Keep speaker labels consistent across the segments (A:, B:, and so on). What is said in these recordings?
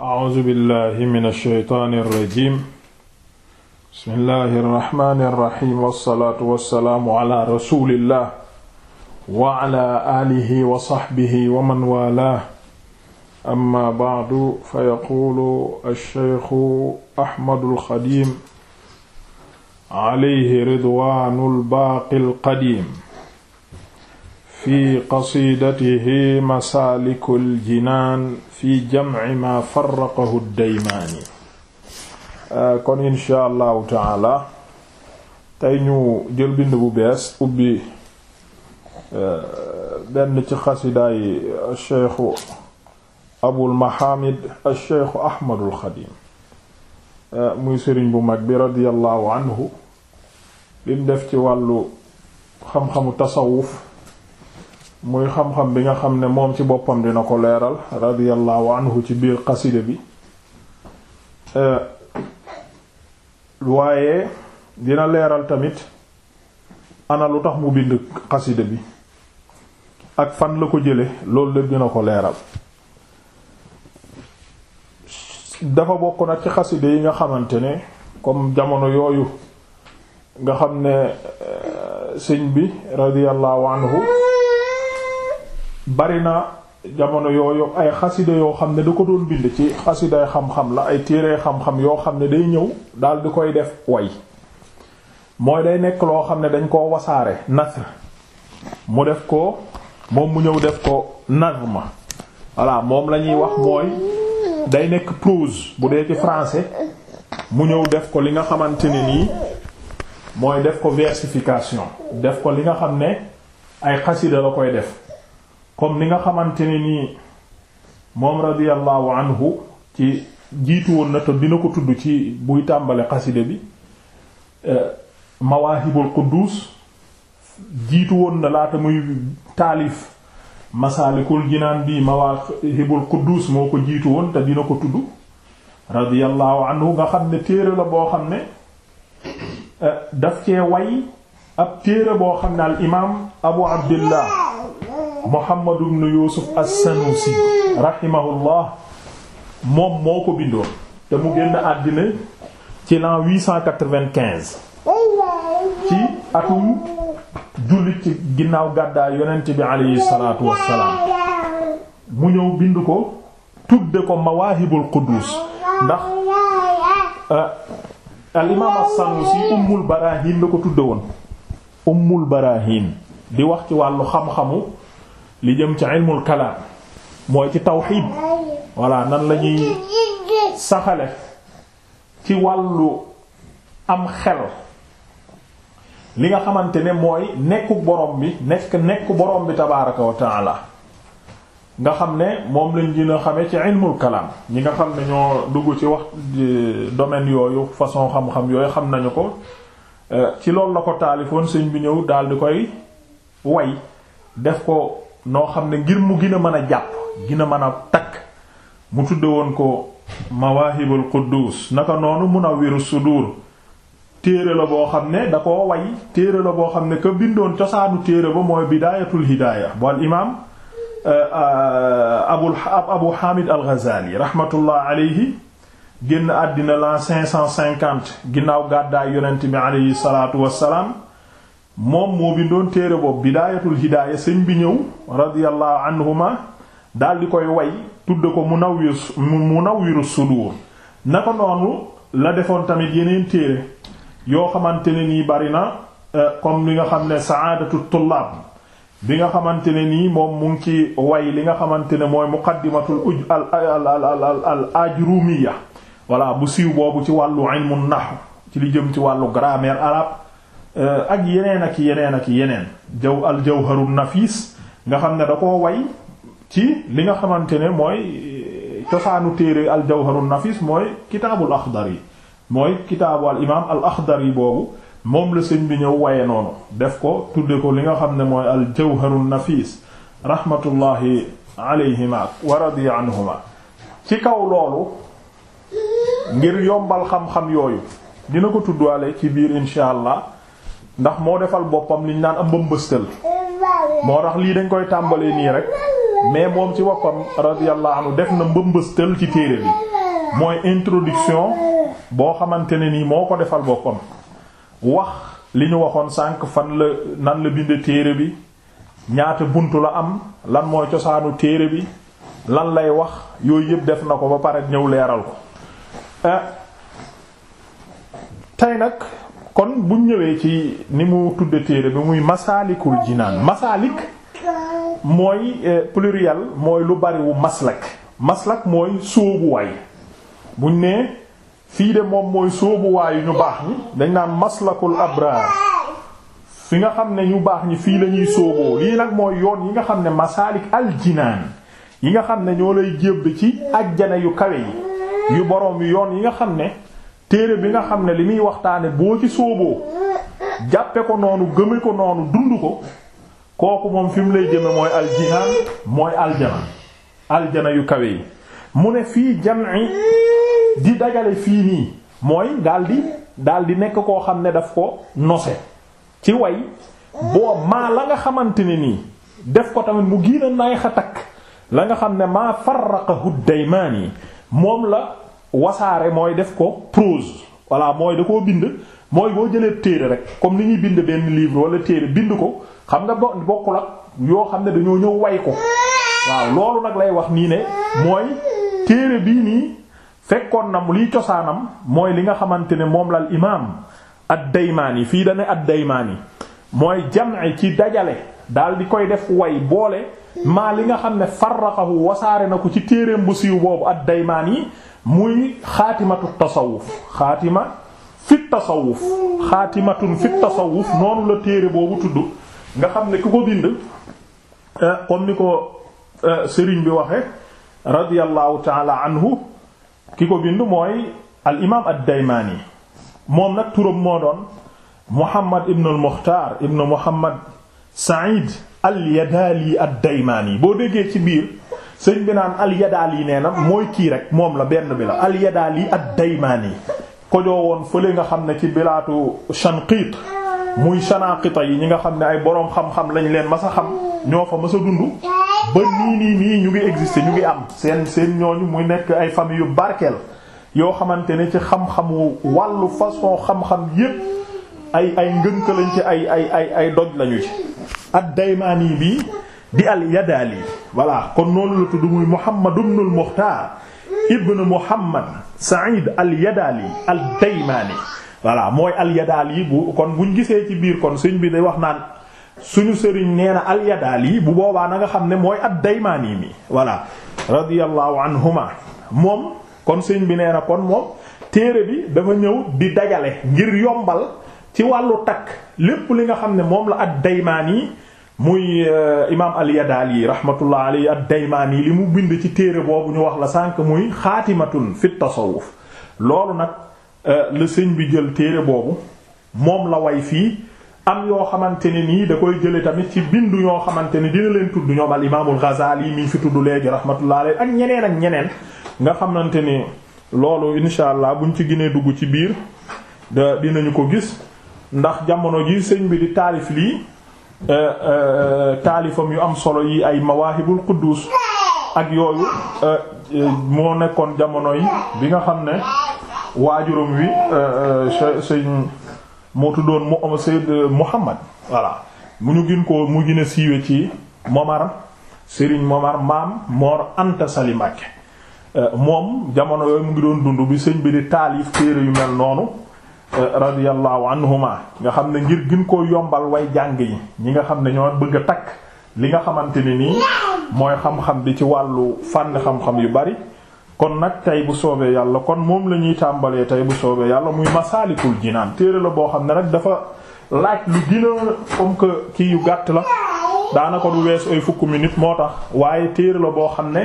A: a'uuzu billahi mina shaytaani rajiim bismillahi rahmaani rahiim wassalaatu wassalaamu ala rasulillah wa ala aalihi wa saxbihi wa man waalaahu amma ba'du fa yaquulu ash-shaykhu Ahmadul Xadiim alayhi ridwaanul baaqil qadiim fi qasidatihi masaalikul jinaan fi jamci ma farraqahu daymaani euh, kon insha allahu taala tey ñu jël bind bu bees ubbi euh, benn ci xasidaay cheikhu abul mahamid cheikhu ahmadul xadim euh, muy sëriñ bu mag bi radiyallahu anhu lim def ci wàllu xam-xamu tasawuf muy xam-xam bi nga xam ne moom ci boppam dina ko leeral radiyallahu anhu ci biir xasida bi eh, waaye dina leeral tamit ana lu tax mu bind xasida bi ak fan la ko jële loolu lépp dina ko leeral dafa bokk nag ci xasida yi nga xamante ne comme jamono yooyu nga xam ne eh, sëñ bi radiyallahu anhu bari na jamono yooyu ay xasida yoo xam ne du ko doon bind ci xasiday xam-xam la ay téere xam-xam yoo xam ne day ñëw daal di koy def way mooy day nekk loo xam ne dañ koo wasaare nasr mu def ko moom mu ñëw def ko nazma voilà moom la ñuy wax mooy day nekk prose bu dee ci français mu ñëw def ko li nga xamante ne nii mooy def ko versification def ko li nga xam ne ay xasida la koy def comme ni nga xamante ne nii moom radiyallahu anhu ci jiitu woon na te dina ko tudd ci buy tàmbali xaside bi euh, mawaahibul quddus jiitu woon na laata muy taalif masaalikul jinaan bi mawaahibul quddus moo ko jiitu woon te dina ko tudd radiyallahu anhu nga xam ne téere la boo xam ne euh, daf cee way ab téere boo xam ne al imaam abu abdillah Muhammad ibn Yusuf as rahimahullah moom moo ko bindoon te mu génn àddina ci l'an ci atum jullit ci ginnaaw gàddaay yonent bi aleyhi wassalaam mu ñëw bind ko tudde ko Mawaahibul Quddus ndax euh, al imaam as-Sanusi la ko tudde woon ummul baraahin di wax ci wàllu xam-xamu li jëm ci ilmul kalaam mooy ci tawxiid voilà nan la ñuy saxale ci wàllu am xel li nga xamante ne mooy nekku borom bi nekk nekku borom bi tabaaraka wa la nga xam ne moom lañ gën a xamee ci ilmul kalaam ñi nga xam ne ñoo dugg ci wax domaine yooyu façon xam-xam yooyu xam nañu ko eh, ci loolu la ko taalifoon sëñ bi ñëw daal di koy way def ko noo xam ne ngir mu gina mën a jàpp gina mën a takk mu tudde woon ko mawaahibul quddus naka noonu munawwirus sudur téere la boo xam ne da koo way téere la boo xam ne ka bindoon cosaanu téere ba mooy bidaayatul hidaaya bu al imaam eh, eh, abu abu hamid al ghazali rahmatullah génn àddina l'an 550 ginnaaw gàddaay yonent bi alayhi salaatu wassalaam moom moo bindoon téere boobu bidaayatul hidaaya sëñ bi ñëw radiyallahu anhuma daal di koy way tudd ko mu munawwir munawwiru sudur naka noonu la defoon tamit yeneen téere yoo xamante ne nii bari na eh, comme li nga xam ne saadatu tullaab bi nga xamante ne nii moom mu ci way li nga xamante ne mooy muqaddimatul uj al al al al ajrumiya voilà bu siiw boobu ci wàllu ilmu ci li jëm ci wàllu grammaire arabe Euh, ak yeneen ak yeneen ak yeneen jaw al jawharun nafiis nga xam ne da koo way ci li nga xamante ne mooy euh, cosaanu téere al jawharun nafis mooy kitaabul axdar yi mooy kitaabu al imaam al axdar yi moom la sëñ bi ñëw waye noonu def ko tudde ko li nga xam ne mooy al jawharun nafis rahmatullahi alayhima wa radiya anhuma ci kaw loolu ngir yombal xam-xam yooyu dina ko tuddwaale ci biir insha allah ndax moo defal boppam liñ naan am bambëstal moo tax lii dañ koy tàmbalee nii rek mais moom ci boppam radiyallahu anhu def na mbëmbëstal ci téere bi mooy introduction boo xamante ne nii moo ko defal boppam wax li ñu waxoon sànq fan la nan la binde téere bi ñaata bunt la am lan mooy cosaanu téere bi lan lay wax yooyu yëpp def na ko ba pare ñëw leeral ko eh, tey nag kon buñ ñëwee ci ni mu tudde téere bi muy masaalikul jinaan masaalik mooy euh, pluriyal mooy lu bariwu maslak maslak mooy sóobuwaay bu ne fii de moom mooy sóobuwaayu ñu baax ñi dañ naan maslakul abraar fi nga xam ne ñu baax ñi fii lañuy ñuy lii nag mooy yoon yi nga xam ne masaalik al jinaan yi nga xam ne ñoo lay jébb ci ajjana yu kawe yi yu boroom yu yoon yi nga xam ne téere bi nga xam ne li muy waxtaane boo ci sóoboo jàppe ko noonu gëme ko noonu dund ko kooku moom fi mu lay jëme mooy aljihad mooy aljana aljana yu kawe yi mu ne fii jam'i di dajale fii nii mooy daldi daldi nekk koo xam ne daf ko nose ci way boo maa la nga xamante ne nii def ko tamit mu giina nay xatakk la nga xam ne maa farraqahu yi moom la wasaare mooy def ko prose voilà mooy da koo bind mooy boo jëlee téere rek comme li ñuy bind benn livre wala téere bind ko xam nga bokkul ak yoo xam ne dañoo ñëw way ko waaw loolu nag lay wax nii ne mooy téere bii nii fekkoon nam liy cosaanam mooy li nga xamante ne moom lal imaam ad yi fii da ne ad yi mooy jam'i ci dajale. daal di koy def way boole maa li nga xam ne farraqahu wasaare na ko ci téere bu siiw boobu ak daymaan yi muy xaatimatu tasawuf xaatima fi tasawuf xaatimatun fi tasawuf noonu la téere boobu tudd nga xam ne ki ko bind kon eh, ni ko eh, sëriñ bi waxe radiyallahu taala anhu ki ko bind mooy al imaam moom nag turam moo doon Muhammad ibn al-Mukhtar Muhammad Saïd al-Yadaali ad-Daymaani boo déggee ci biir sëñ bi naan al-Yadaali nee na mooy kii rek moom la benn bi la al-Yadaali yi daymaani woon joowoon fële nga xam ne ci bilaatu Shanqiit muy Shanaqita yi ñi nga xam ne ay boroom xam-xam lañ leen mas a xam ñoo fa mas a dund ba nii nii ñu ngi exister ñu ngi am seen seen ñooñu muy nekk ay famille yu barkeel yoo xamante ne ci xam-xamu wàllu façon xam-xam yépp ay ay ngënk ci ay ay ay ay doj lañu ci ad daymaani bi di al yadaali voilà kon noonu la tudd muy Muhammad ibnul Muxtaar ibn Muhammad Saïd al yadaali al daymaani voilà mooy al yadaali bu kon buñ gisee ci biir kon sëñ bi day wax naan suñu sëriñ nee na al yadaali bu boobaa na nga xam ne mooy ad daymaani mi voilà radiyallahu anhuma moom kon sëñ bi nee kon moom téere bi dafa ñëw di dajale ngir yombal ci wàllu takk lépp li nga xam ne moom la ad yi muy euh, imaam al-Yadaali rahmatullah alayhi ad-Daymaani li mu bind ci téere boobu ñu wax la sànq muy xaatimatun fi tasawuf loolu nag euh, le sëñ bi jël téere boobu moom la way fii am yoo xamante ni nii da koy jële tamit ci bindu yoo xamante ni dina leen tudd ñoom al imaamul Ghazali mi fi tudd léegi rahmatullah ak ñeneen ak ñeneen nga xamante ne loolu insha allah buñ ci ginee dugg ci biir da dinañu ko gis ndax jamono ji sëñ bi di taalif lii eh, eh, taalifam yu am solo yi ay mawaahibul quddus ak yooyu eh, moo nekkoon jamono yi bi nga xam ne waajuram wi sëñ moo tuddoon mu Sayyid Muhammad voilà mu ñu gën ko mu gën a siiwe ci Momar sëriñ Momar maam Mor Anta Sali moom jamono yooyu mu ngi doon dund bi sëñ bi di taalif téere yu mel noonu radiyallahu anhuma nga xam ne ngir gin koo yombal way jàng yi ñi nga xam ne ñoo bëgg a takk li nga xamante ni nii mooy xam-xam bi ci wàllu fànn xam-xam yu bari kon nag tey bu soobee yàlla kon moom la ñuy tàmbalee tey bu soobee yàlla muy masaalikul jinaan téere la boo xam ne rek dafa laaj lu gën a kii yu gàtt la daanaka du weesu ay fukki minutes moo tax waaye téere la boo xam ne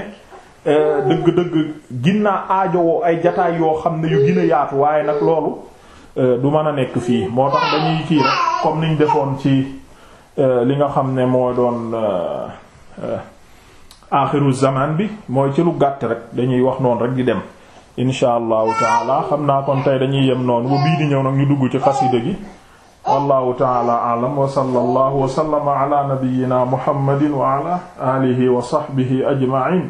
A: eh, dëgg-dëgg ginnaa aajowoo ay jataay yoo xam ne yu gën yaatu waaye nag loolu Euh, du mën a nekk fii moo tax dañuy kii rek comme niñ defoon ci euh, li nga xam ne moo doon euh, axiru zaman bi mooy ci gàtt rek dañuy wax noonu rek di dem insha allahu taala xam naa kon tey dañuy yem noonu bu bii di ñëw nag ñu dugg ci xasida gi wallahu taala aalam wa sallallahu wa sallama ala nabiyyina muhammadin wa ala wa sahbihi ajma'in